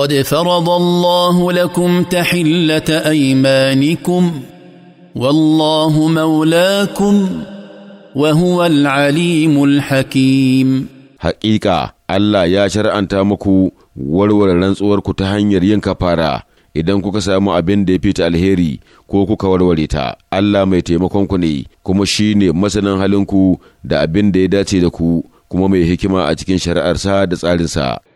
قد فرض الله لكم تحله ايمانكم والله مولاكم وهو العليم الحكيم Haƙiƙa Allah ya شرعنta maku warware rantsuwarku ta hanyar yin kafara idan kuka samu abin da ya fi ta alheri ko kuka warware ta Allah mai taimakonku ne kuma shi ne masanin halinku da abin da ya dace da ku kuma mai hikima a cikin shari'arsa da tsarinsa